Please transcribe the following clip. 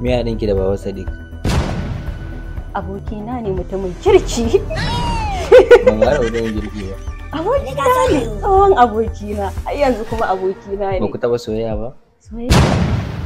me ya ɗinki da baba sadiq abokina ne mutumin kirki ban gara wajen girki ba abokina ne tsohon abokina yanzu kuma abokina ne ba ku taɓa soyayya ba soyayya